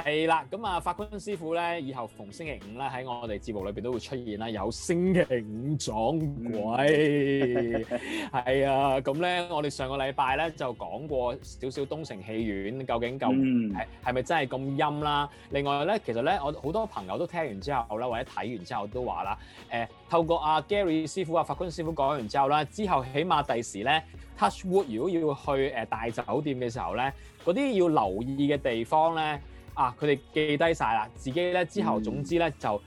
係啦，咁啊，法坤師傅咧，以後逢星期五咧喺我哋節目裏邊都會出現啦。有星期五撞鬼係啊！咁咧，我哋上個禮拜咧就講過少少東城戲院究竟究竟係係咪真係咁陰啦？另外咧，其實咧，我好多朋友都聽完之後咧，或者睇完之後都話啦，誒，透過阿 Gary 師傅、阿法坤師傅講完之後啦，之後起碼第時咧 Touch Wood 如果要去誒大酒店嘅時候咧，嗰啲要留意嘅地方咧。啊！佢哋記低晒啦，自己咧之後總之咧、嗯、就誒，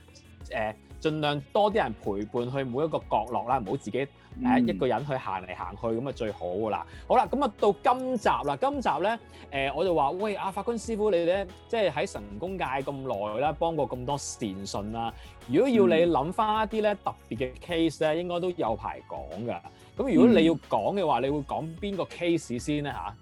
儘、呃、量多啲人陪伴去每一個角落啦，唔好自己誒、嗯呃、一個人去行嚟行去咁啊，最好噶啦。好啦，咁啊到今集啦，今集咧誒、呃、我就話喂阿、啊、法官師傅法坤師傅你咧，即係喺神功界咁耐啦，幫過咁多善信啦、啊。如果要你諗翻一啲咧、嗯、特別嘅 case 咧，應該都有排講噶。咁如果你要講嘅話，你會講邊個 case 先咧嚇？啊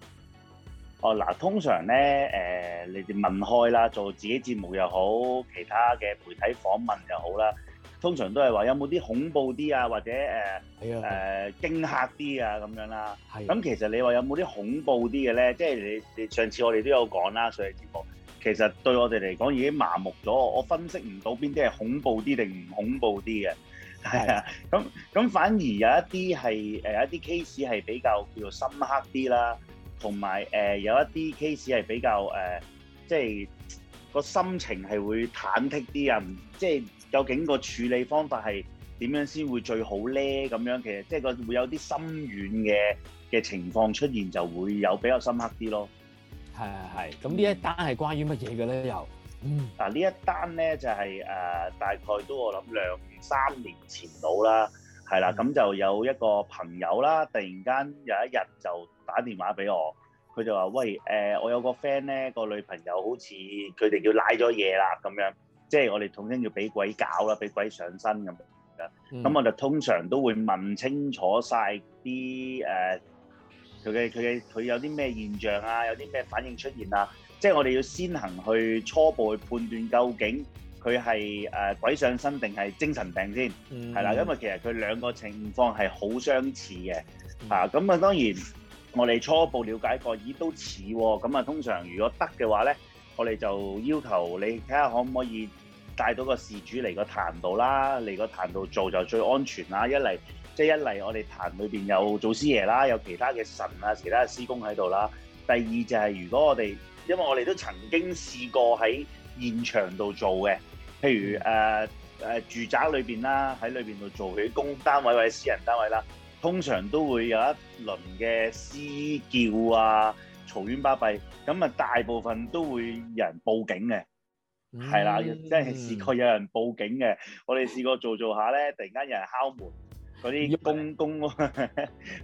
嗱、哦，通常咧誒、呃，你哋問開啦，做自己節目又好，其他嘅媒體訪問又好啦，通常都係話有冇啲恐怖啲啊，或者誒誒、呃哎呀呃、驚嚇啲啊咁樣啦。係的。咁其實你話有冇啲恐怖啲嘅咧？即係你你，你，你上次我哋都有講啦，上一節目其實對我哋嚟講已經麻木咗，我分析唔到邊啲係恐怖啲定唔恐怖啲嘅。係啊的，咁咁、 嗯嗯嗯、反而有一啲係誒一啲 case 係比較叫做深刻啲啦。嗯同埋誒有一啲 case 係比較，誒、呃，即係個心情係會忐忑啲啊！即係究竟個處理方法係點樣先會最好咧？咁樣嘅，即係個會有啲深遠嘅嘅情況出現就會有比較深刻啲咯。係係係，咁呢一單係關於乜嘢嘅咧？又嗯，嗱、啊、呢一單咧就係、是、誒、呃、大概都我諗兩三年前到啦，係啦，咁、嗯、就有一個朋友啦，突然間有一日就。打電話俾我，佢就話：喂，誒、呃，我有個 friend 咧，個女朋友好似佢哋叫瀨咗嘢啦，咁樣，即係我哋統稱叫俾鬼搞啦，俾鬼上身咁樣。咁、嗯、我就通常都會問清楚晒啲誒，佢嘅佢嘅佢有啲咩現象啊，有啲咩反應出現啊？即係我哋要先行去初步去判斷究竟佢係誒鬼上身定係精神病先，係啦、嗯。因為其實佢兩個情況係好相似嘅，嚇、嗯。咁啊，當然。我哋初步了解過，咦都似喎、哦。咁、嗯、啊，通常如果得嘅話咧，我哋就要求你睇下可唔可以帶到個事主嚟個壇度啦，嚟個壇度做就最安全啦。一嚟即係一嚟，我哋壇裏邊有祖師爺啦，有其他嘅神啊，其他嘅師公喺度啦。第二就係如果我哋，因為我哋都曾經試過喺現場度做嘅，譬如誒誒、呃呃、住宅裏邊啦，喺裏邊度做佢啲公單位或者私人單位啦。通常都會有一輪嘅嘶叫啊、嘈冤巴閉，咁啊大部分都會有人報警嘅，係啦、嗯，真係試過有人報警嘅。我哋試過做做下咧，突然間有人敲門，嗰啲公公，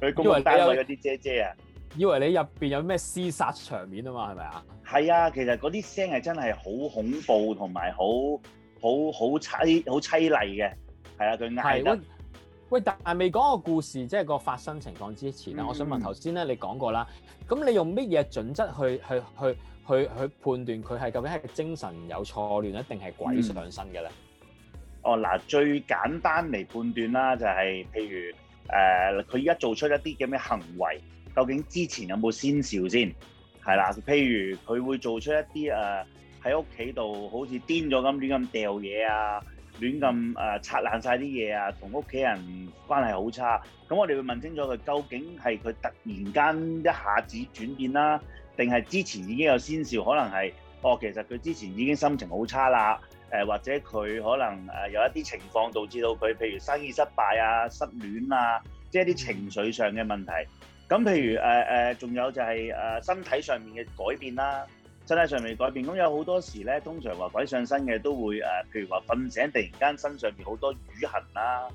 佢 公，公單位嗰啲姐姐啊，以為你入邊有咩廝殺場面啊嘛，係咪啊？係啊，其實嗰啲聲係真係好恐怖同埋好好好悽好悽厲嘅，係啊，佢嗌得。喂，但係未講個故事，即係個發生情況之前啊，嗯、我想問頭先咧，你講過啦，咁你用乜嘢準則去去去去去判斷佢係究竟係精神有錯亂咧，定係鬼上身嘅咧？哦，嗱，最簡單嚟判斷啦、就係，就係譬如誒，佢而家做出一啲咁嘅行為，究竟之前有冇先兆先？係啦，譬如佢會做出一啲誒喺屋企度好似癲咗咁亂咁掉嘢啊～亂咁誒、呃、拆爛晒啲嘢啊！同屋企人關係好差，咁我哋會問清楚佢究竟係佢突然間一下子轉變啦、啊，定係之前已經有先兆？可能係哦，其實佢之前已經心情好差啦。誒、呃、或者佢可能誒、呃、有一啲情況導致到佢，譬如生意失敗啊、失戀啊，即係啲情緒上嘅問題。咁譬如誒誒，仲、呃呃、有就係、是、誒、呃、身體上面嘅改變啦、啊。身體上未改變，咁有好多時咧，通常話鬼上身嘅都會誒、呃，譬如話瞓醒突然間身上面好多瘀痕啦，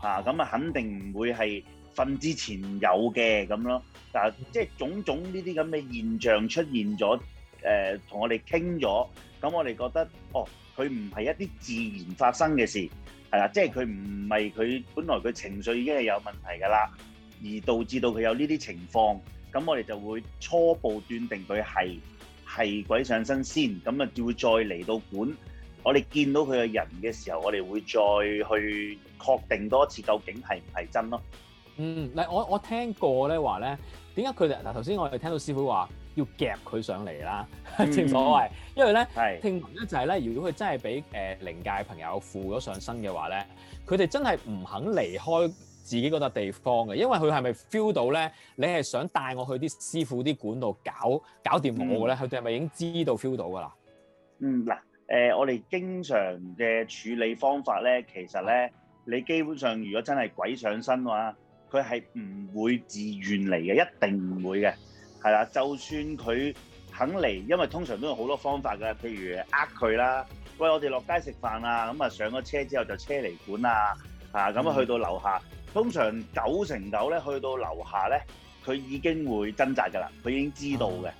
嚇咁啊，啊肯定唔會係瞓之前有嘅咁咯。但係，即係種種呢啲咁嘅現象出現咗，誒、呃、同我哋傾咗，咁我哋覺得哦，佢唔係一啲自然發生嘅事，係啦，即係佢唔係佢本來佢情緒已經係有問題㗎啦，而導致到佢有呢啲情況，咁我哋就會初步斷定佢係。係鬼上身先，咁啊要再嚟到本。我哋見到佢嘅人嘅時候，我哋會再去確定多一次，究竟係唔係真咯？嗯，嗱，我我聽過咧話咧，點解佢哋嗱頭先我哋聽到師傅話要夾佢上嚟啦，嗯、 正所謂，因為咧是聽聞咧就係、是、咧，如果佢真係俾誒靈界朋友附咗上身嘅話咧，佢哋真係唔肯離開。自己嗰笪地方嘅，因為佢係咪 feel 到咧？你係想帶我去啲師傅啲館度搞搞掂我咧？佢哋係咪已經知道 feel 到㗎啦？嗯，嗱，誒，我哋經常嘅處理方法咧，其實咧，你基本上如果真係鬼上身嘅話，佢係唔會自願嚟嘅，一定唔會嘅，係啦。就算佢肯嚟，因為通常都有好多方法㗎，譬如呃佢啦，喂，我哋落街食飯啊，咁啊上咗車之後就車嚟館啊，嚇咁啊去到樓下。嗯通常九成九咧，去到樓下咧，佢已經會掙扎噶啦，佢已經知道嘅，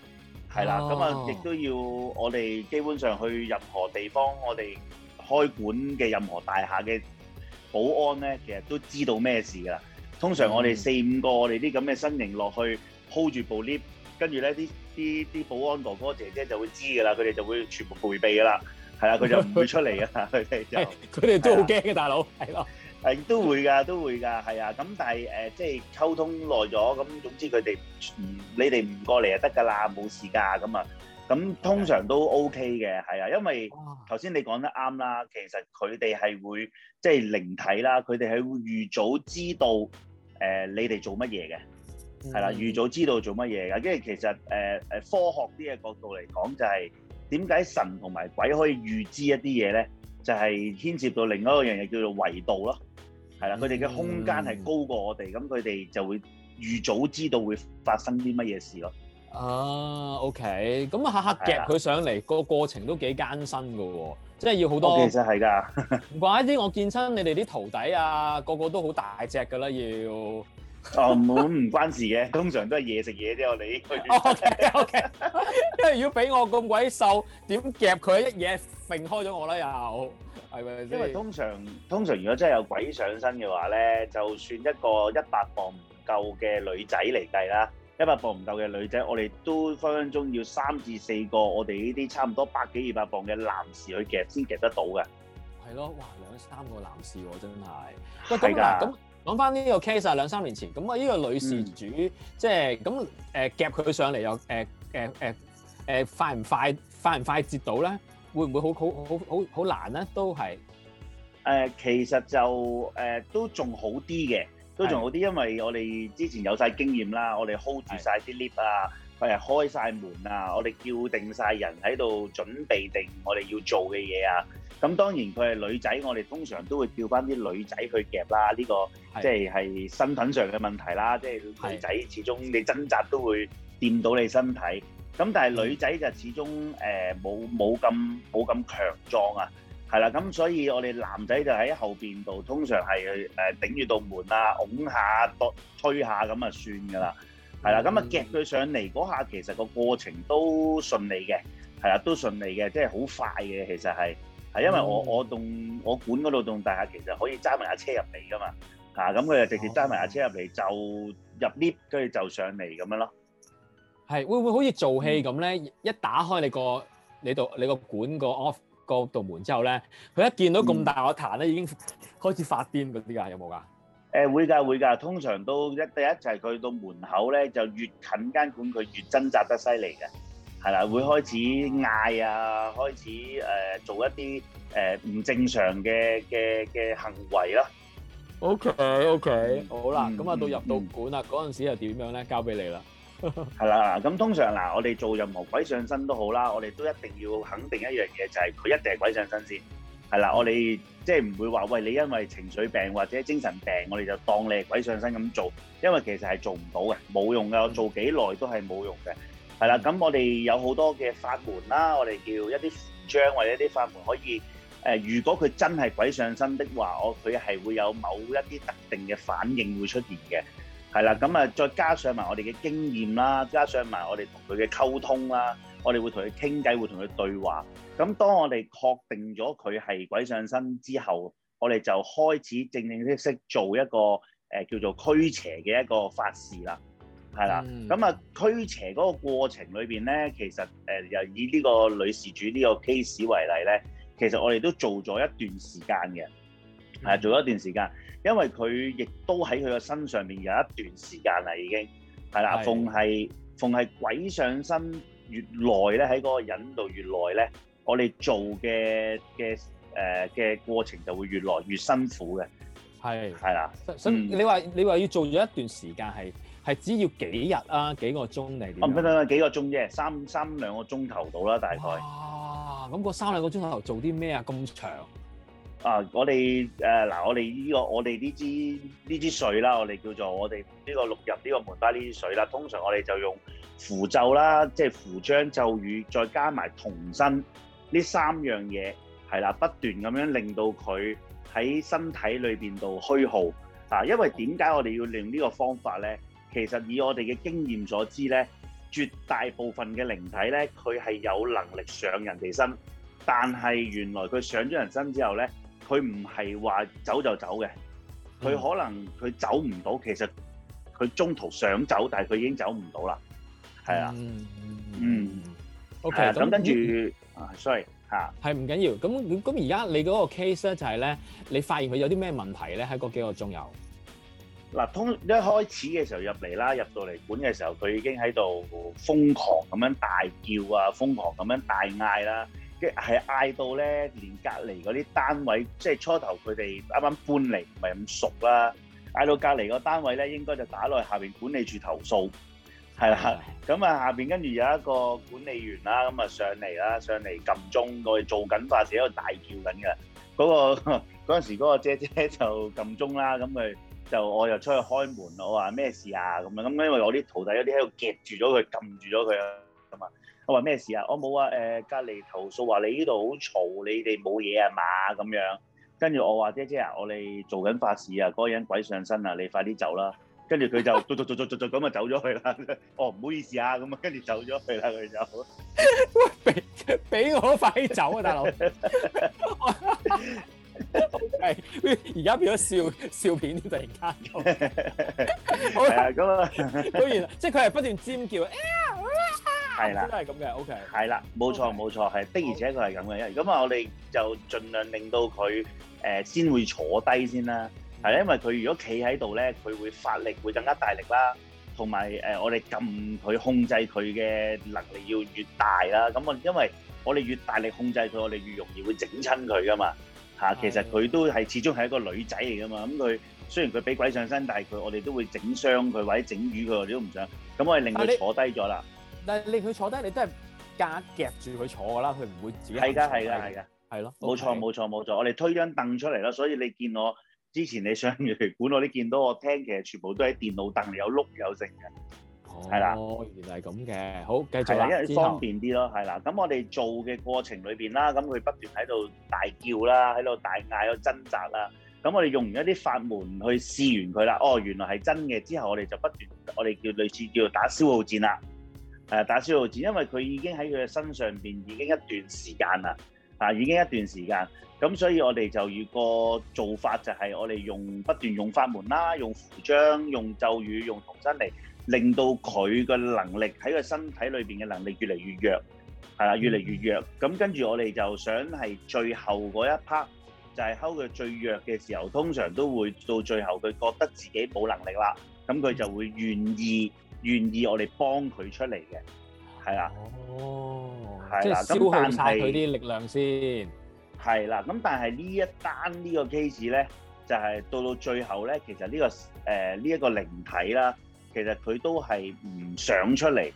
係啦。咁啊，亦都要我哋基本上去任何地方，我哋開館嘅任何大廈嘅保安咧，其實都知道咩事噶啦。通常我哋四五個我哋啲咁嘅身形落去 hold 住部 lift，跟住咧啲啲啲保安哥哥姐姐就會知噶啦，佢哋就會全部迴避噶啦，係啊，佢就唔會出嚟噶，佢哋 就佢哋 都好驚嘅，大佬係咯。 係都會㗎，都會㗎，係啊。咁但係誒、呃，即係溝通耐咗，咁總之佢哋唔你哋唔過嚟就得㗎啦，冇事㗎咁啊。咁通常都 OK 嘅，係啊。因為頭先你講得啱啦，其實佢哋係會即係靈體啦，佢哋係會預早知道誒、呃、你哋做乜嘢嘅，係啦、嗯，預早知道做乜嘢嘅。跟住其實誒誒、呃、科學啲嘅角度嚟講、就是，就係點解神同埋鬼可以預知一啲嘢咧？就係、是、牽涉到另外一樣嘢叫做維度咯。係啦，佢哋嘅空間係高過我哋，咁佢哋就會預早知道會發生啲乜嘢事咯。啊，OK，咁啊下下夾佢上嚟的個過程都幾艱辛嘅喎、哦，即係要好多，其實係㗎。唔 怪啲，我見親你哋啲徒弟啊，個個都好大隻㗎啦要。哦，冇唔關事嘅，通常都係嘢食嘢啫，我理佢。O K O K，因為如果俾我咁鬼瘦，點夾佢一嘢並開咗我啦又，係咪先？因為通常，通常如果真係有鬼上身嘅話咧，就算一個一百磅唔夠嘅女仔嚟計啦，一百磅唔夠嘅女仔，我哋都分分鐘要三至四個我哋呢啲差唔多百幾二百磅嘅男士去夾，先夾得到嘅。係咯，哇，兩三個男士喎，真係。係㗎。的講翻呢個 case 啊，兩三年前咁啊，呢個女事主、嗯、即係咁誒夾佢上嚟又，誒誒誒誒快唔快快唔快接到咧？會唔會好好好好好難咧？都係誒、呃，其實就誒都仲好啲嘅，都仲好啲，好是的 因為我哋之前有晒經驗啦，是的 我哋 hold 住晒啲 lift 啊。佢係開晒門啊！我哋叫定晒人喺度準備定我哋要做嘅嘢啊！咁當然佢係女仔，我哋通常都會叫翻啲女仔去夾啦。呢個即係係身份上嘅問題啦。即係女仔始終你掙扎都會掂到你身體。咁但係女仔就始終誒冇冇咁冇咁強壯啊。係啦，咁所以我哋男仔就喺後邊度通常係誒頂住道門啊，拱下、度推下咁啊算㗎啦。係啦，咁啊夾佢上嚟嗰下，其實個過程都順利嘅，係啦，都順利嘅，即係好快嘅。其實係係因為我、嗯、我棟我管嗰度棟大廈，其實可以揸埋架車入嚟噶嘛嚇，咁、啊、佢就直接揸埋架車入嚟、嗯、就入 lift 跟住就上嚟咁樣咯。係會唔會好似做戲咁咧？嗯、一打開你個你度你個管個 off 個道門之後咧，佢一見到咁大個壇咧，已經開始發癲嗰啲啊？有冇㗎？誒會㗎會㗎，通常都一第一就係佢到門口咧，就越近間館佢越掙扎得犀利嘅，係啦，會開始嗌啊，開始誒做一啲誒唔正常嘅嘅嘅行為咯。OK OK，好啦，咁啊到入到館啦，嗰陣時又點樣咧？交俾你啦，係啦，咁通常嗱，我哋做任何鬼上身都好啦，我哋都一定要肯定一樣嘢，就係佢一定係鬼上身先，係啦，我哋。即係唔會話喂，你因為情緒病或者精神病，我哋就當你係鬼上身咁做，因為其實係做唔到嘅，冇用嘅。我做幾耐都係冇用嘅。係啦，咁我哋有好多嘅法門啦，我哋叫一啲符章或者一啲法門可以誒、呃。如果佢真係鬼上身的話，我佢係會有某一啲特定嘅反應會出現嘅。係啦，咁啊，再加上埋我哋嘅經驗啦，加上埋我哋同佢嘅溝通啦。我哋會同佢傾偈，會同佢對話。咁當我哋確定咗佢係鬼上身之後，我哋就開始正正式式做一個誒、呃、叫做驅邪嘅一個法事啦。係啦，咁啊驅邪嗰個過程裏邊咧，其實誒又、呃、以呢個女事主呢個 case 為例咧，其實我哋都做咗一段時間嘅，係、嗯啊、做咗一段時間，因為佢亦都喺佢個身上面有一段時間啦，已經係啦。凡係凡係鬼上身。越耐咧喺嗰個引度越耐咧，我哋做嘅嘅誒嘅過程就會越來越辛苦嘅。係係啦。所以吧，你話你話要做咗一段時間，係係，只要幾日啊幾個鐘定點啊？唔唔唔，幾個鐘啫、啊，三三兩個鐘頭到啦，大概。哇、啊！咁個三兩個鐘頭做啲咩啊？咁長。啊！我哋誒嗱，我哋呢、呢個我哋呢支呢支水啦，我哋叫做我哋呢個錄入呢個門花呢支水啦。通常我哋就用，符咒啦，即係符章咒語，再加埋童身呢三樣嘢，係啦，不斷咁樣令到佢喺身體裏邊度虛耗啊！因為點解我哋要利用呢個方法咧？其實以我哋嘅經驗所知咧，絕大部分嘅靈體咧，佢係有能力上人哋身，但係原來佢上咗人身之後咧，佢唔係話走就走嘅，佢可能佢走唔到。其實佢中途想走，但係佢已經走唔到啦。係啊，嗯，嗯，OK，咁跟住，sorry，嚇，係唔緊要，咁咁而家你嗰個 case 咧就係咧，你發現佢有啲咩問題咧？喺嗰幾個鐘頭，嗱，通一開始嘅時候入嚟啦，入到嚟管嘅時候，佢已經喺度瘋狂咁樣大叫啊，瘋狂咁樣大嗌啦，即係嗌到咧，連隔離嗰啲單位，即係初頭佢哋啱啱搬嚟，唔係咁熟啦，嗌到隔離個單位咧，應該就打落去下邊管理處投訴。係啦，咁啊下邊跟住有一個管理員啦，咁啊上嚟啦，上嚟撳鐘，我哋做緊法事喺度大叫緊嘅。嗰個嗰陣時嗰個姐姐就撳鐘啦，咁咪就我又出去開門，我話咩事啊咁樣？咁因為我啲徒弟有啲喺度夾住咗佢，撳住咗佢啊嘛。我話咩事啊？我冇啊，誒隔離投訴話你呢度好嘈，你哋冇嘢係嘛咁樣。跟住我話姐姐啊，我哋做緊法事啊，嗰個人鬼上身啊，你快啲走啦！跟住佢就做做做做咁啊走咗去啦！哦唔好意思啊，咁啊跟住走咗去啦佢就，俾俾我快走啊大佬。係而家變咗笑笑片，突然間，係啊咁啊，果然即係佢係不斷尖叫，係啦，都係咁嘅，OK，係啦，冇錯冇錯，係的而且確係咁嘅，因為咁啊，我哋就盡量令到佢誒先會坐低先啦。係因為佢如果企喺度咧，佢會發力會更加大力啦。同埋誒，我哋撳佢控制佢嘅能力要越大啦。咁、啊、我因為我哋越大力控制佢，我哋越容易會整親佢噶嘛嚇。其實佢都係始終係一個女仔嚟噶嘛。咁、啊、佢、嗯、雖然佢俾鬼上身，但係佢我哋都會整傷佢或者整瘀佢，我哋都唔想。咁我哋令佢坐低咗啦。但係，令佢坐低，你都係夾夾住佢坐噶啦，佢唔會自己係㗎係㗎係㗎係咯。冇錯冇錯冇錯，我哋推張凳出嚟啦，所以你見我。之前你上預館，我啲見到我聽，其實全部都喺電腦凳，有碌有剩嘅。係啦。哦，原嚟咁嘅，好，繼續啦。因為方便啲咯，係啦後。咁我哋做嘅過程裏邊啦，咁佢不斷喺度大叫啦，喺度大嗌、掙扎啦。咁我哋用完一啲法門去試完佢啦。哦，原來係真嘅。之後我哋就不斷，我哋叫類似叫打消耗戰啦，誒、呃，打消耗戰，因為佢已經喺佢嘅身上邊已經一段時間啦。啊，已經一段時間，咁所以我哋就要個做法就係我哋用不斷用法門啦，用符章、用咒語、用童真嚟，令到佢嘅能力喺佢身體裏邊嘅能力越嚟越弱，係啊，越嚟越弱。咁跟住我哋就想係最後嗰一 part 就係睺佢最弱嘅時候，通常都會到最後佢覺得自己冇能力啦，咁佢就會願意願意我哋幫佢出嚟嘅。係啦，即係消耗曬佢啲力量先。係啦，咁但係、這個、呢一單呢個 case 咧，就係、是、到到最後咧，其實呢、這個誒呢一個靈體啦，其實佢都係唔想出嚟，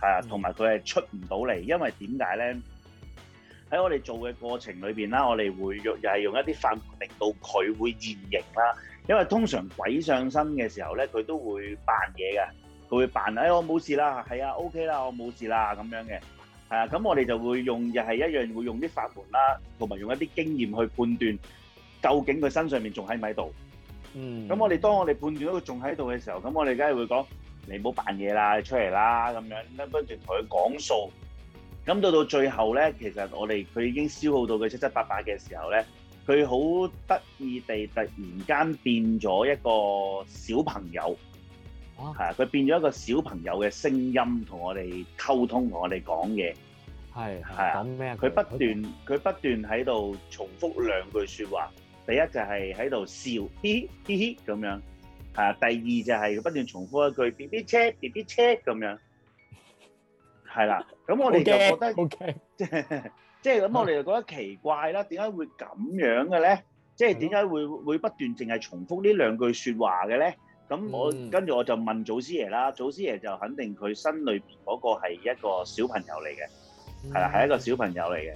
係啊，同埋佢係出唔到嚟，嗯、因為點解咧？喺我哋做嘅過程裏邊啦，我哋會用又係用一啲法，令到佢會現形啦。因為通常鬼上身嘅時候咧，佢都會扮嘢嘅。會扮哎，我冇事啦，係啊，OK 啦，我冇事啦咁樣嘅，係啊，咁我哋就會用又係一樣會用啲法門啦，同埋用一啲經驗去判斷究竟佢身上面仲喺唔喺度？嗯，咁我哋當我哋判斷咗佢仲喺度嘅時候，咁我哋梗係會講你唔好扮嘢啦，出嚟啦咁樣，跟住同佢講數。咁到到最後咧，其實我哋佢已經消耗到佢七七八八嘅時候咧，佢好得意地突然間變咗一個小朋友。係啊，佢變咗一個小朋友嘅聲音同我哋溝通，同我哋講嘢。係係啊，佢不斷佢不斷喺度重複兩句説話。第一就係喺度笑，嘻嘻嘻嘻咁樣。啊，第二就係佢不斷重複一句 B B 車 B B 車咁樣。係啦，咁我哋就覺得即係即係咁，我哋就覺得奇怪啦。點解會咁樣嘅咧？即係點解會會不斷淨係重複呢兩句説話嘅咧？咁我跟住、嗯、我就問祖師爺啦，祖師爺就肯定佢身裏邊嗰個係一個小朋友嚟嘅，係啦、嗯，係一個小朋友嚟嘅，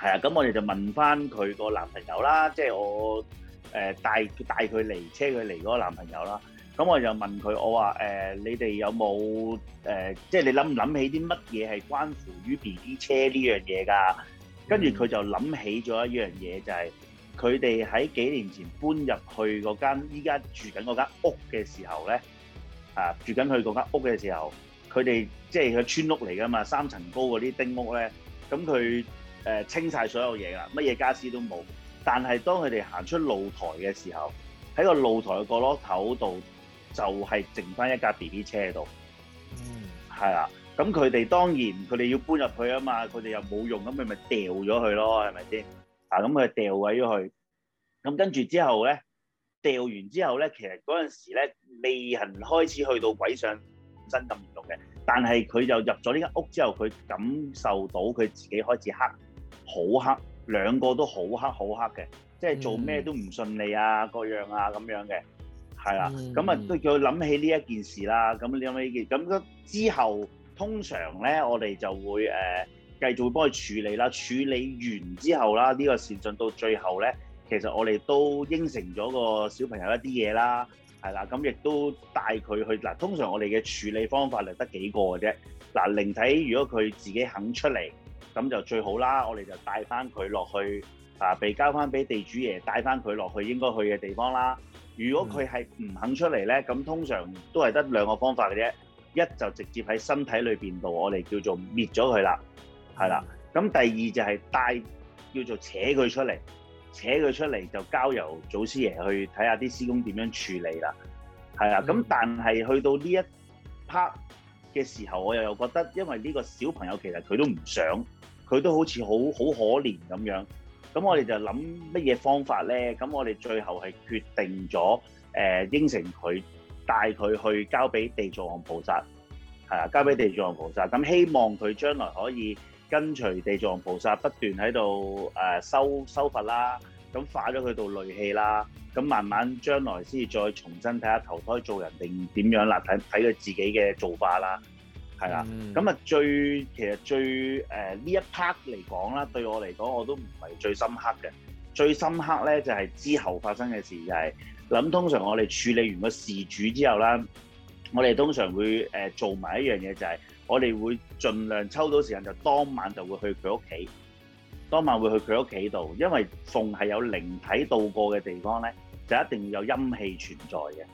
係啊。咁我哋就問翻佢個男朋友啦，即、就、係、是、我誒、呃、帶帶佢嚟，車佢嚟嗰個男朋友啦。咁我就問佢，我話誒、呃、你哋有冇誒，即、呃、係、就是、你諗唔諗起啲乜嘢係關乎於 B B 車呢樣嘢㗎？跟住佢就諗起咗一樣嘢，就係、是。佢哋喺幾年前搬入去嗰間依家在住緊嗰間屋嘅時候咧，啊住緊佢嗰間屋嘅時候，佢、啊、哋即係佢村屋嚟噶嘛，三層高嗰啲丁屋咧，咁佢誒清晒所有嘢啦，乜嘢家私都冇。但係當佢哋行出露台嘅時候，喺個露台個角落頭度就係、是、剩翻一架 BB 車度。嗯，係啦。咁佢哋當然佢哋要搬入去啊嘛，佢哋又冇用，咁咪咪掉咗佢咯，係咪先？咁佢、啊嗯、掉位咗去，咁、嗯、跟住之後咧，掉完之後咧，其實嗰陣時咧，未行開始去到鬼上身咁嚴重嘅，但係佢就入咗呢間屋之後，佢感受到佢自己開始黑，好黑，兩個都好黑好黑嘅，即係做咩都唔順利啊，各樣啊咁樣嘅，係啦，咁啊都叫佢諗起呢一件事啦，咁你諗起呢件，咁之後通常咧，我哋就會誒。呃繼續會幫佢處理啦，處理完之後啦，呢個事進到最後呢，其實我哋都應承咗個小朋友一啲嘢啦，係啦，咁亦都帶佢去嗱。通常我哋嘅處理方法就得幾個嘅啫。嗱，靈體如果佢自己肯出嚟，咁就最好啦。我哋就帶翻佢落去啊，被交翻俾地主爺帶翻佢落去應該去嘅地方啦。如果佢係唔肯出嚟呢，咁通常都係得兩個方法嘅啫。一就直接喺身體裏邊度，我哋叫做滅咗佢啦。係啦，咁第二就係帶叫做扯佢出嚟，扯佢出嚟就交由祖師爺去睇下啲施工點樣處理啦。係啊，咁、嗯、但係去到呢一 part 嘅時候，我又覺得因為呢個小朋友其實佢都唔想，佢都好似好好可憐咁樣。咁我哋就諗乜嘢方法咧？咁我哋最後係決定咗誒、呃、應承佢帶佢去交俾地藏王菩薩，係啊，交俾地藏王菩薩。咁希望佢將來可以，跟隨地藏菩薩不斷喺度誒修修法啦，咁化咗佢度戾氣啦，咁慢慢將來先至再重新睇下投胎做人定點樣啦，睇睇佢自己嘅做法啦，係啦、嗯。咁啊最其實最誒呢、呃、一 part 嚟講啦，對我嚟講我都唔係最深刻嘅，最深刻咧就係、是、之後發生嘅事就係、是、諗通常我哋處理完個事主之後啦，我哋通常會誒、呃、做埋一樣嘢就係、是。我哋會盡量抽到時間，就當晚就會去佢屋企。當晚會去佢屋企度，因為凡係有靈體到過嘅地方咧，就一定有陰氣存在嘅。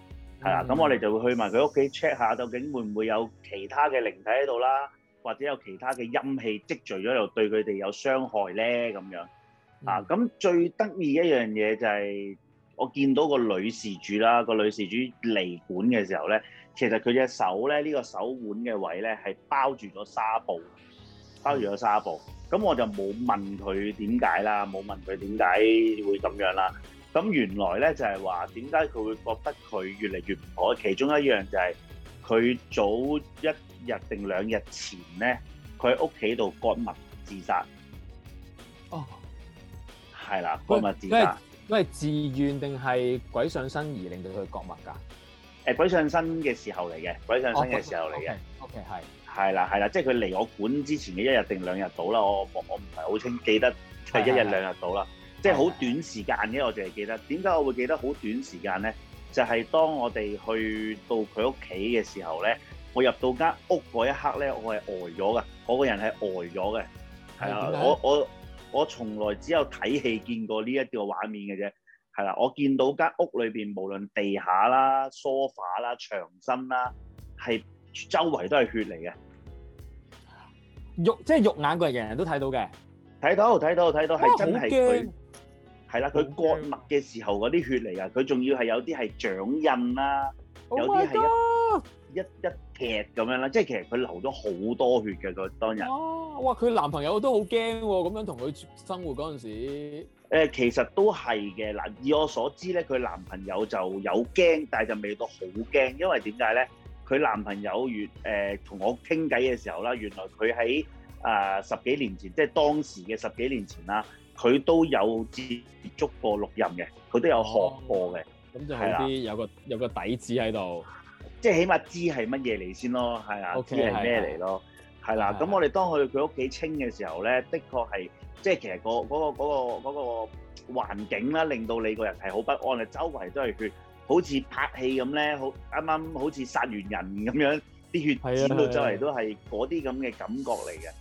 係啦，咁我哋就會去埋佢屋企 check 下，究竟會唔會有其他嘅靈體喺度啦，或者有其他嘅陰氣積聚咗，又對佢哋有傷害咧咁樣。啊，咁最得意一樣嘢就係我見到個女事主啦，個女事主嚟館嘅時候咧。其實佢隻手咧，呢個手腕嘅位咧係包住咗紗布，包住咗紗布。咁我就冇問佢點解啦，冇問佢點解會咁樣啦。咁原來咧就係話點解佢會覺得佢越嚟越唔妥。其中一樣就係佢早一日定兩日前咧，佢喺屋企度割脈自殺。哦，係啦，割脈自殺。因為自願定係鬼上身而令到佢割脈㗎？鬼上身嘅時候嚟嘅，鬼上身嘅時候嚟嘅，OK，係，係啦，係啦，即係佢嚟我館之前嘅一日定兩日到啦，我我唔係好清記得係一日兩日到啦，即係好短時間嘅，我淨係記得。點解我會記得好短時間咧？就係當我哋去到佢屋企嘅時候咧，我入到間屋嗰一刻咧，我係呆咗㗎，我個人係呆咗嘅，係啊，我我我從來只有睇戲見過呢一個畫面嘅啫。係啦，我見到間屋裏邊，無論地下啦、梳化啦、牆身啦，係周圍都係血嚟嘅。肉即係肉眼，佢係人人都睇到嘅。睇到，睇到，睇到，係哇真係佢。係啦，佢割脈嘅時候嗰啲血嚟噶，佢仲要係有啲係掌印啦，有啲係一、oh、一一,一劈咁樣啦。即係其實佢流咗好多血嘅佢當日。哦，哇！佢男朋友都好驚喎，咁樣同佢生活嗰陣時。誒其實都係嘅，嗱以我所知咧，佢男朋友就有驚，但係就未到好驚，因為點解咧？佢男朋友原誒同我傾偈嘅時候啦，原來佢喺啊十幾年前，即係當時嘅十幾年前啦，佢都有接接觸過錄音嘅，佢都有學過嘅，咁、哦、就係啲有，的有個有個底子喺度，即係起碼知係乜嘢嚟先咯，係啊，OK，知係咩嚟咯。Right. 係啦，咁我哋當去佢屋企清嘅時候咧，的確係即係其實、嗰個嗰個嗰個環境啦，令到你個人係好不安嘅，你周圍都係血，好似拍戲咁咧，好啱啱好似殺完人咁樣，啲血沾到周圍都係嗰啲咁嘅感覺嚟嘅，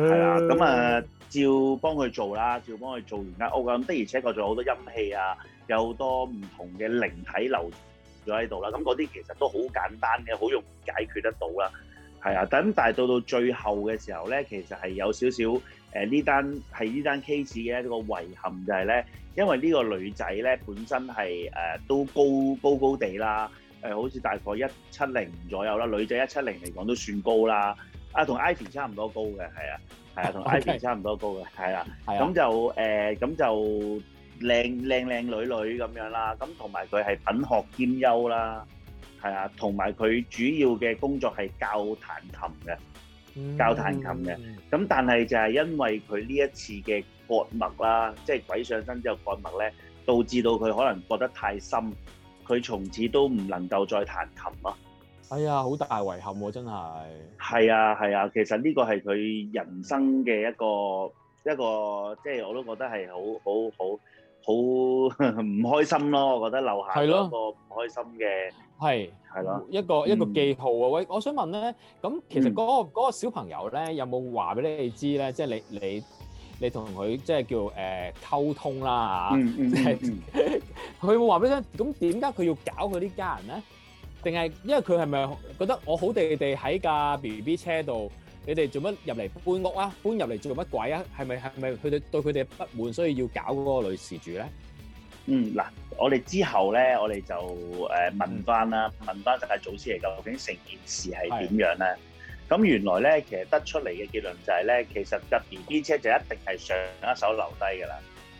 係啦的，咁啊照幫佢做啦，照幫佢做，做完間屋咁的，而且確仲有好多陰氣啊，有好多唔同嘅靈體留咗喺度啦，咁嗰啲其實都好簡單嘅，好容易解決得到啦。係啊，等但係到到最後嘅時候咧，其實係有少少誒呢單係呢單 case 嘅一個遺憾就係咧，因為呢個女仔咧本身係誒、呃、都高高高地啦，誒、呃、好似大概一七零左右啦，女仔一七零嚟講都算高啦，啊同 Ivy 差唔多高嘅係啊，係啊同 Ivy 差唔多高嘅係啦，咁、啊 Okay. 啊、就誒咁、呃、就靚靚靚女女咁樣啦，咁同埋佢係品學兼優啦。係啊，同埋佢主要嘅工作係教彈琴嘅，嗯、教彈琴嘅。咁但係就係因為佢呢一次嘅割脈啦，即、就、係、是、鬼上身之後割脈咧，導致到佢可能割得太深，佢從此都唔能夠再彈琴咯。係啊、哎，好大遺憾喎、啊，真係。係啊，係啊，其實呢個係佢人生嘅一個一個，即係、嗯就是、我都覺得係好好好。好唔開心咯，我覺得樓下一個唔開心嘅係係咯一個一個記號啊！喂，我想問咧，咁其實嗰個嗰個小朋友咧有冇話俾你知咧？即係你你你同佢即係叫誒溝通啦嚇，即係佢有冇話俾你聽？咁點解佢要搞佢啲家人咧？定係因為佢係咪覺得我好地地喺架 B B 車度？你哋做乜入嚟搬屋啊？搬入嚟做乜鬼啊？係咪係咪佢哋對佢哋不滿，所以要搞嗰個女事主咧？嗯，嗱，我哋之後咧，我哋就誒問翻啦，問翻就係祖師爺究竟成件事係點樣咧？咁原來咧，其實得出嚟嘅結論就係咧，其實入 B B 車就一定係上一手留低㗎啦，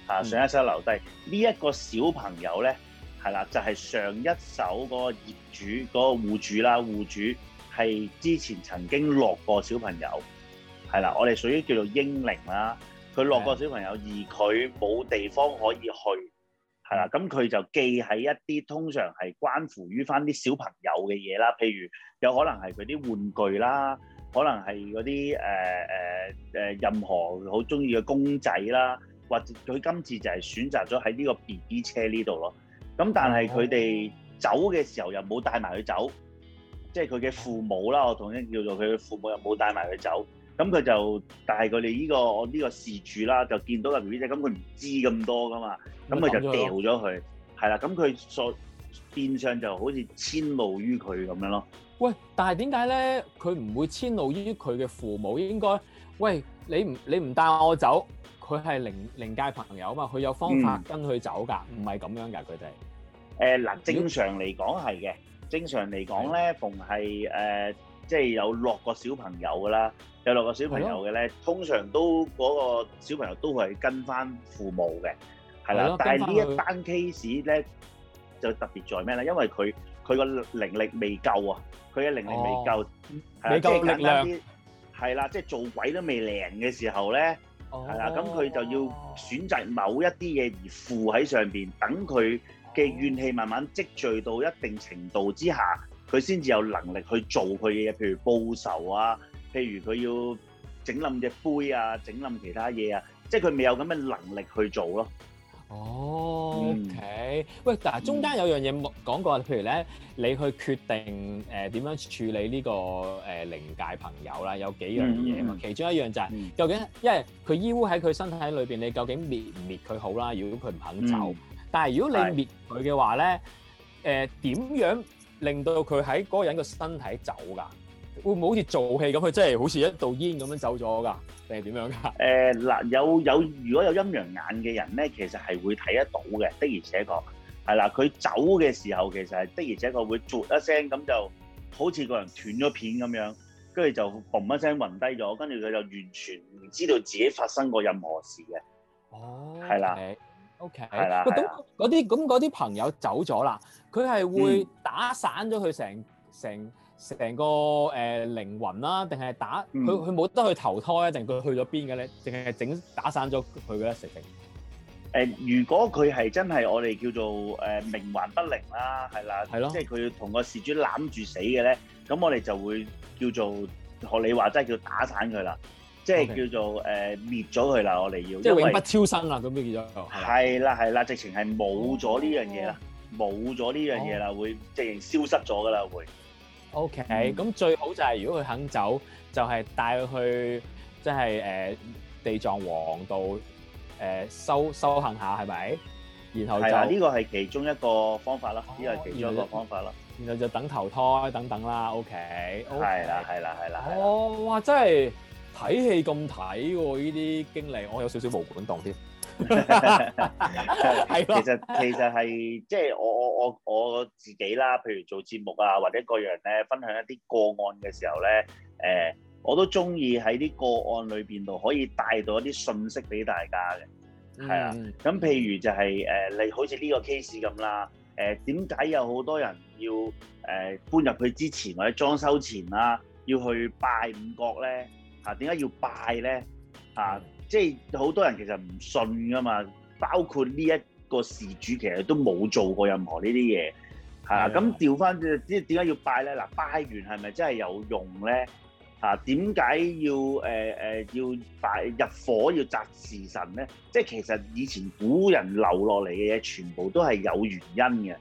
嚇上一手留低呢一個小朋友咧，係啦，就係上一手嗰個業主嗰個戶主啦，戶主。係之前曾經落過小朋友，係啦，我哋屬於叫做英靈啦。佢落過小朋友，而佢冇地方可以去，係啦。咁佢就記喺一啲通常係關乎於翻啲小朋友嘅嘢啦，譬如有可能係佢啲玩具啦，可能係嗰啲誒誒誒任何好中意嘅公仔啦，或者佢今次就係選擇咗喺呢個 BB 車呢度咯。咁但係佢哋走嘅時候又冇帶埋佢走。即係佢嘅父母啦，我統稱叫做佢嘅父母，又冇帶埋佢走，咁佢就但帶佢哋依個呢、呢個事主啦，就見到個 B B 姐，咁佢唔知咁多噶嘛，咁佢就掉咗佢，係啦，咁佢所變相就好似遷怒於佢咁樣咯。喂，但係點解咧？佢唔會遷怒於佢嘅父母？應該喂，你唔你唔帶我走，佢係靈靈界朋友啊嘛，佢有方法跟佢走㗎，唔係咁樣㗎。佢哋誒嗱，正常嚟講係嘅。正常嚟講咧，逢係誒，即係有落個小朋友噶啦，有落個小朋友嘅咧，通常都嗰個小朋友都係跟翻父母嘅，係啦。但係呢一單 case 咧，就特別在咩咧？因為佢佢個靈力未夠啊，佢嘅靈力未夠，未夠力量。係啦，即係做鬼都未靈嘅時候咧，係啦。咁佢就要選擇某一啲嘢而附喺上邊，等佢嘅怨氣慢慢積聚到一定程度之下，佢先至有能力去做佢嘅嘢，譬如報仇啊，譬如佢要整冧隻杯啊，整冧其他嘢啊，即係佢未有咁嘅能力去做咯。哦、oh，OK、嗯、喂，但係中間有樣嘢冇講過，嗯、譬如咧，你去決定誒點、呃、樣處理呢、這個誒、呃、靈界朋友啦，有幾樣嘢啊嘛，嗯、其中一樣就係究竟，嗯、因為佢依附喺佢身體裏邊，你究竟滅唔滅佢好啦？如果佢唔肯走、嗯。但係如果你滅佢嘅話咧，誒點是、呃、樣令到佢喺嗰個人個身體走㗎？會唔會好似做戲咁？佢真係好似一道煙咁樣走咗㗎？定係點樣㗎？誒嗱、呃，有有如果有陰陽眼嘅人咧，其實係會睇得到嘅。的而且確係啦，佢走嘅時候其實係的而且確會啜一聲咁就好似個人斷咗片咁樣，跟住就嘣一聲暈低咗，跟住佢就完全唔知道自己發生過任何事嘅。哦、啊，係啦。Okay. O K，係啦。咁嗰啲咁啲朋友走咗啦，佢係會打散咗佢成成成個誒、呃、靈魂啦，定係打佢佢冇得去投胎，定佢去咗邊嘅咧？定係整打散咗佢嗰食成。誒、呃，如果佢係真係我哋叫做誒冥頑不靈啦，係啦，的即係佢同個事主攬住死嘅咧，咁我哋就會叫做學你話齋叫打散佢啦。即係叫做誒滅咗佢啦！我哋要即係永不超生啦！咁變咗係啦係啦，直情係冇咗呢樣嘢啦，冇咗呢樣嘢啦，會直情消失咗㗎啦，會。O K，咁最好就係、是、如果佢肯走，就係、是、帶佢去即係誒地藏王度誒、呃、修修行下，係咪？然後就呢個係其中一個方法啦，呢個係其中一個方法啦。然後就等投胎等等啦。O K，係啦係啦係啦。Okay, okay. 哦，哇！真係～睇戲咁睇喎，呢啲經歷我有少少毛管戙添，係 其實其實係即係我我我我自己啦，譬如做節目啊或者各樣咧，分享一啲個案嘅時候咧，誒、呃、我都中意喺啲個案裏邊度可以帶到一啲訊息俾大家嘅，係啊、嗯。咁譬如就係誒你好似呢個 case 咁啦，誒點解有好多人要誒、呃、搬入去之前或者裝修前啦、啊，要去拜五角咧？嗱，點解要拜咧？啊，即係好多人其實唔信噶嘛，包括呢一個事主其實都冇做過任何呢啲嘢，係啊。咁調翻即係點解要拜咧？嗱，拜完係咪真係有用咧？啊，點解要誒誒、呃呃、要拜入火要擇時辰咧？即係其實以前古人留落嚟嘅嘢，全部都係有原因嘅。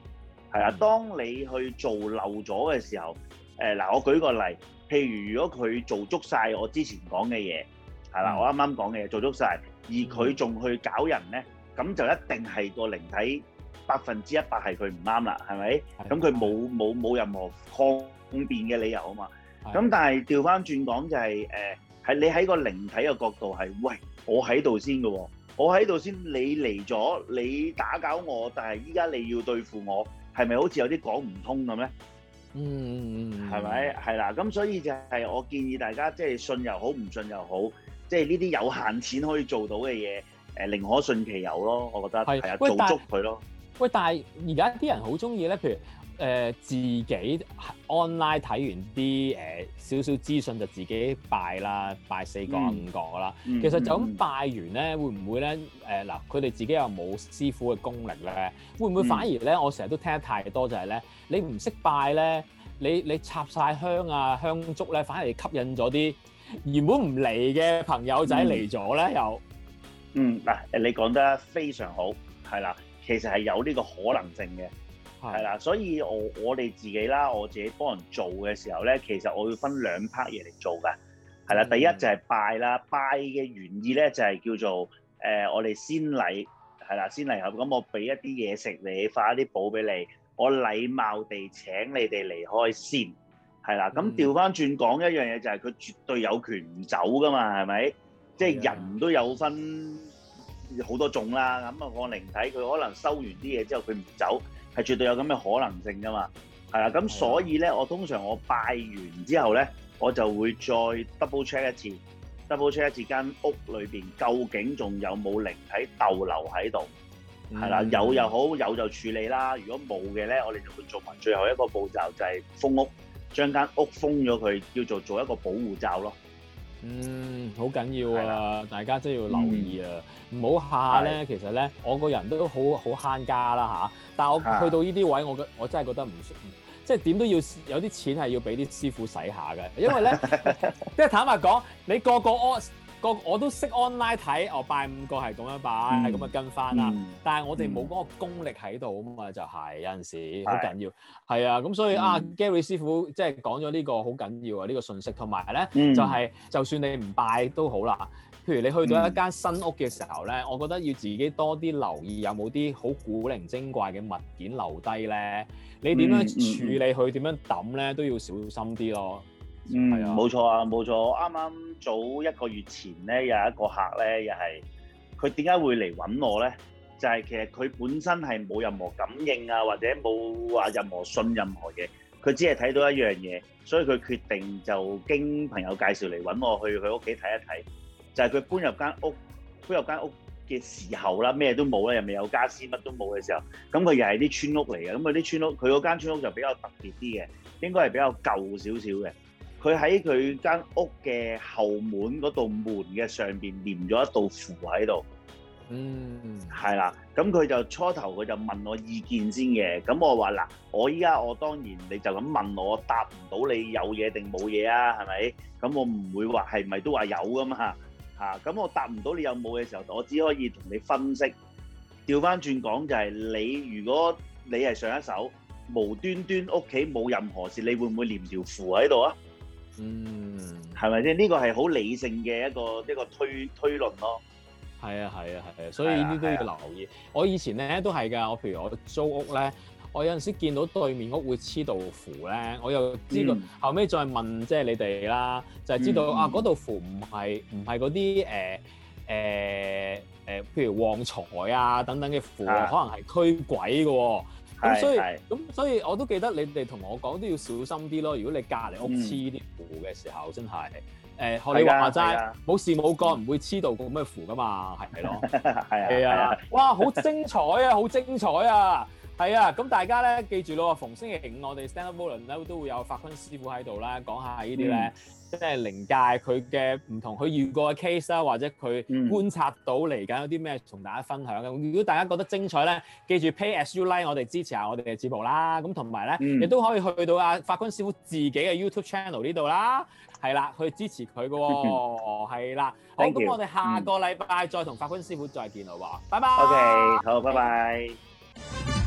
係啊，當你去做漏咗嘅時候，誒、呃、嗱，我舉個例。譬如如果佢做足晒我之前講嘅嘢，係啦，我啱啱講嘅嘢做足晒，而佢仲去搞人咧，咁就一定係個靈體百分之一百係佢唔啱啦，係咪？咁佢冇冇冇任何抗辯嘅理由啊嘛。咁但係調翻轉講就係，誒，係你喺個靈體嘅角度係，喂，我喺度先嘅喎，我喺度先，你嚟咗，你打攪我，但係依家你要對付我，係咪好似有啲講唔通咁咧？嗯，嗯，係咪？係啦，咁所以就係我建議大家，即係信又好，唔信又好，即係呢啲有限錢可以做到嘅嘢，誒、呃，寧可信其有咯，我覺得係啊，做是足佢咯喂。喂，但係而家啲人好中意咧，譬如，誒、呃、自己 online 睇完啲誒少少資訊就自己拜啦，拜四個五個啦。嗯、其實就咁拜完咧，會唔會咧？誒、呃、嗱，佢哋自己又冇師傅嘅功力咧，會唔會反而咧？嗯、我成日都聽得太多，就係、是、咧，你唔識拜咧，你你插晒香啊香燭咧，反而吸引咗啲原本唔嚟嘅朋友仔嚟咗咧又。嗯嗱，你講得非常好，係啦，其實係有呢個可能性嘅。係啦，所以我我哋自己啦，我自己幫人做嘅時候咧，其實我要分兩 part 嘢嚟做㗎。係啦，第一就係拜啦，拜嘅原意咧就係、是、叫做誒、呃，我哋先禮係啦，先禮後，咁我俾一啲嘢食你，發一啲寶俾你，我禮貌地請你哋離開先。係啦，咁調翻轉講一樣嘢就係、是、佢絕對有權唔走㗎嘛，係咪？即係的人都有分好多種啦，咁啊，我靈睇佢可能收完啲嘢之後佢唔走。係絕對有咁嘅可能性㗎嘛，係啦，咁所以咧，的我通常我拜完之後咧，我就會再 double check 一次，double check 一次間屋裏邊究竟仲有冇靈體逗留喺度，係啦，有又好，有就處理啦。如果冇嘅咧，我哋就會做埋最後一個步驟，就係封屋，將間屋封咗佢，叫做做一個保護罩咯。嗯，好緊要啊！的大家真係要留意啊，唔好、嗯、下咧。的其實咧，我個人都好好慳家啦、啊、吓，但係我的去到呢啲位，我覺我真係覺得唔，即係點都要有啲錢係要俾啲師傅使下嘅，因為咧，即係 坦白講，你個個我。個我都識 online 睇，我拜五個係咁樣拜，咁、嗯、就跟翻啦。嗯、但係我哋冇嗰個功力喺度啊嘛，就係、是、有陣時好緊要。係是啊，咁所以、嗯、啊 Gary 師傅即係講咗呢個好緊要啊，呢、呢個信息同埋咧，呢嗯、就係就算你唔拜都好啦。譬如你去到一間新屋嘅時候咧，嗯、我覺得要自己多啲留意有冇啲好古靈精怪嘅物件留低咧，你點樣處理佢，點、嗯嗯、樣抌咧，都要小心啲咯。嗯，冇錯啊，冇錯。啱啱早一個月前咧，有一個客咧，又係佢點解會嚟揾我咧？就係其實佢本身係冇任何感應啊，或者冇話任何信任何嘢。佢只係睇到一樣嘢，所以佢決定就經朋友介紹嚟揾我去佢屋企睇一睇。就係佢搬入間屋，搬入間屋嘅時候啦，咩都冇啦，入面有家私乜都冇嘅時候，咁佢又係啲村屋嚟嘅。咁佢啲村屋，佢嗰間村屋就比較特別啲嘅，應該係比較舊少少嘅。佢喺佢間屋嘅後門嗰道門嘅上邊黏咗一道符喺度，嗯，係啦。咁佢就初頭佢就問我意見先嘅。咁我話嗱，我依家我當然你就咁問我，答唔到你有嘢定冇嘢啊？係咪？咁我唔會話係咪都話有噶嘛？吓，咁我答唔到你有冇嘅時候，我只可以同你分析。調翻轉講就係你，如果你係上一手，無端端屋企冇任何事，你會唔會黏條符喺度啊？嗯，係咪啫？呢、這個係好理性嘅一個一個推推論咯。係啊，係啊，係啊，所以呢啲都要留意。我以前咧都係㗎，我譬如我租屋咧，我有陣時見到對面屋會黐道符咧，我又知道、嗯、後尾再問即係、就是、你哋啦，就係、是、知道、嗯、啊嗰道符唔係唔係嗰啲誒誒誒，譬如旺財啊等等嘅符，啊、可能係驅鬼㗎喎、哦。咁所以，咁所以我都記得你哋同我講都要小心啲咯。如果你隔離屋黐啲符嘅時候，嗯、真係，誒、呃、學你話齋，冇事冇幹唔會黐到個咩符噶嘛，係咪咯，係啊 的，的哇，好精彩啊，好精彩啊！係啊，咁大家咧記住咯，逢星期五我哋 stand up volun 咧都會有法坤師傅喺度啦，講下呢啲咧，即係靈界佢嘅唔同，佢遇過嘅 case 啦，或者佢觀察到嚟緊、嗯、有啲咩同大家分享。如果大家覺得精彩咧，記住 pay as you like，我哋支持下我哋嘅節目啦。咁同埋咧，亦都、嗯、可以去到啊法坤師傅自己嘅 YouTube channel 呢度啦，係啦，去支持佢嘅喎，係啦、嗯。哦、Thank 好，咁 you, 我哋下個禮拜再同法坤師傅再見啦喎，好拜拜。O K，好，拜 拜。